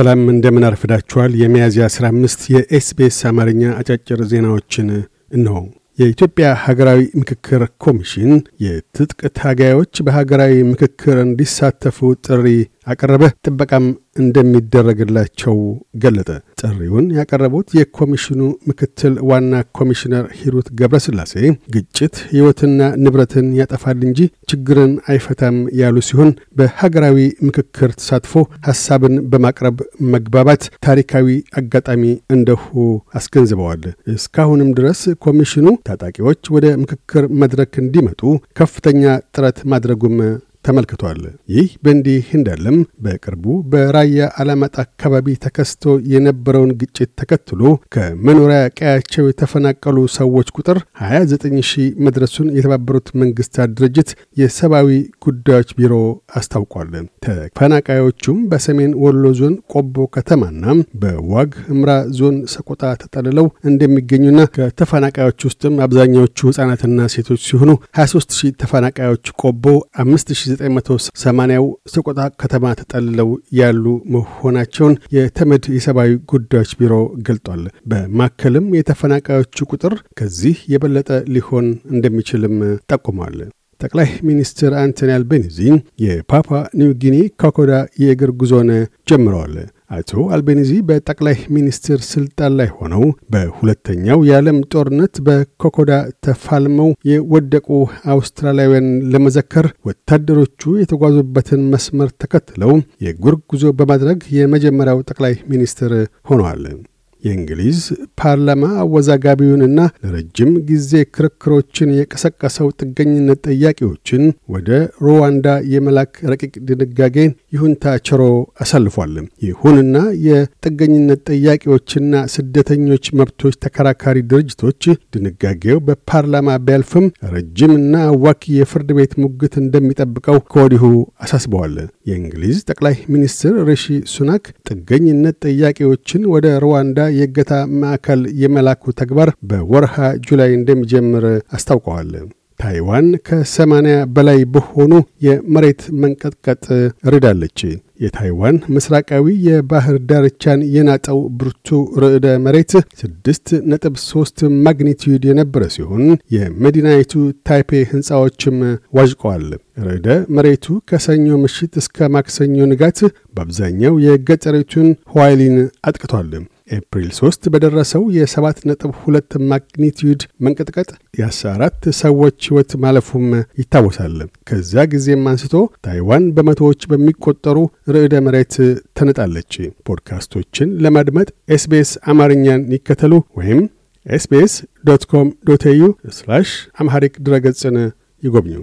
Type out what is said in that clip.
ሰላም እንደምን አርፍዳችኋል። የሚያዝያ 15 የኤስቢኤስ አማርኛ አጫጭር ዜናዎችን እነሆ። የኢትዮጵያ ሀገራዊ ምክክር ኮሚሽን የትጥቅ ታጋዮች በሀገራዊ ምክክር እንዲሳተፉ ጥሪ አቀረበ። ጥበቃም እንደሚደረግላቸው ገለጠ። ጥሪውን ያቀረቡት የኮሚሽኑ ምክትል ዋና ኮሚሽነር ሂሩት ገብረስላሴ ግጭት ሕይወትና ንብረትን ያጠፋል እንጂ ችግርን አይፈታም ያሉ ሲሆን በሀገራዊ ምክክር ተሳትፎ ሀሳብን በማቅረብ መግባባት ታሪካዊ አጋጣሚ እንደሁ አስገንዝበዋል። እስካሁንም ድረስ ኮሚሽኑ ታጣቂዎች ወደ ምክክር መድረክ እንዲመጡ ከፍተኛ ጥረት ማድረጉም ተመልክቷል። ይህ በእንዲህ እንዳለም በቅርቡ በራያ አላማጣ አካባቢ ተከስቶ የነበረውን ግጭት ተከትሎ ከመኖሪያ ቀያቸው የተፈናቀሉ ሰዎች ቁጥር 29 ሺህ መድረሱን የተባበሩት መንግስታት ድርጅት የሰብአዊ ጉዳዮች ቢሮ አስታውቋል። ተፈናቃዮቹም በሰሜን ወሎ ዞን ቆቦ ከተማና በዋግ እምራ ዞን ሰቆጣ ተጠልለው እንደሚገኙና ከተፈናቃዮች ውስጥም አብዛኛዎቹ ህጻናትና ሴቶች ሲሆኑ 23 ሺህ ተፈናቃዮች ቆቦ፣ 5980 ሰቆጣ ከተማ ተጠልለው ያሉ መሆናቸውን የተመድ የሰብአዊ ጉዳዮች ቢሮ ገልጧል። በማከልም የተፈናቃዮቹ ቁጥር ከዚህ የበለጠ ሊሆን እንደሚችልም ጠቁሟል። ጠቅላይ ሚኒስትር አንቶኒ አልቤኒዚ የፓፓ ኒው ጊኒ ኮኮዳ የእግር ጉዞን ጀምረዋል። አቶ አልቤኒዚ በጠቅላይ ሚኒስትር ስልጣን ላይ ሆነው በሁለተኛው የዓለም ጦርነት በኮኮዳ ተፋልመው የወደቁ አውስትራሊያውያን ለመዘከር ወታደሮቹ የተጓዙበትን መስመር ተከትለው የእግር ጉዞ በማድረግ የመጀመሪያው ጠቅላይ ሚኒስትር ሆነዋል። የእንግሊዝ ፓርላማ አወዛጋቢውንና ለረጅም ጊዜ ክርክሮችን የቀሰቀሰው ጥገኝነት ጠያቂዎችን ወደ ሩዋንዳ የመላክ ረቂቅ ድንጋጌን ይሁንታ ችሮ አሳልፏል። ይሁንና የጥገኝነት ጠያቂዎችና ስደተኞች መብቶች ተከራካሪ ድርጅቶች ድንጋጌው በፓርላማ ቢያልፍም ረጅምና አዋኪ የፍርድ ቤት ሙግት እንደሚጠብቀው ከወዲሁ አሳስበዋል። የእንግሊዝ ጠቅላይ ሚኒስትር ሪሺ ሱናክ ጥገኝነት ጠያቂዎችን ወደ ሩዋንዳ የእገታ ማዕከል የመላኩ ተግባር በወርሃ ጁላይ እንደሚጀምር አስታውቀዋል። ታይዋን ከ ከ80 በላይ በሆኑ የመሬት መንቀጥቀጥ ርዳለች። የታይዋን ምስራቃዊ የባህር ዳርቻን የናጠው ብርቱ ርዕደ መሬት ስድስት ነጥብ ሶስት ማግኒቲዩድ የነበረ ሲሆን የመዲናይቱ ታይፔ ሕንፃዎችም ዋዥቀዋል። ርዕደ መሬቱ ከሰኞ ምሽት እስከ ማክሰኞ ንጋት በአብዛኛው የገጠሪቱን ሆዋይሊን አጥቅቷል። ኤፕሪል 3 በደረሰው የ7.2 ማግኒቲዩድ መንቀጥቀጥ የ14 ሰዎች ሕይወት ማለፉም ይታወሳል። ከዚያ ጊዜም አንስቶ ታይዋን በመቶዎች በሚቆጠሩ ርዕደ መሬት ተነጣለች። ፖድካስቶችን ለማድመጥ ኤስቤስ አማርኛን ይከተሉ ወይም ኤስቤስ ዶት ኮም ዶት ኤዩ አምሐሪክ ድረገጽን ይጎብኙ።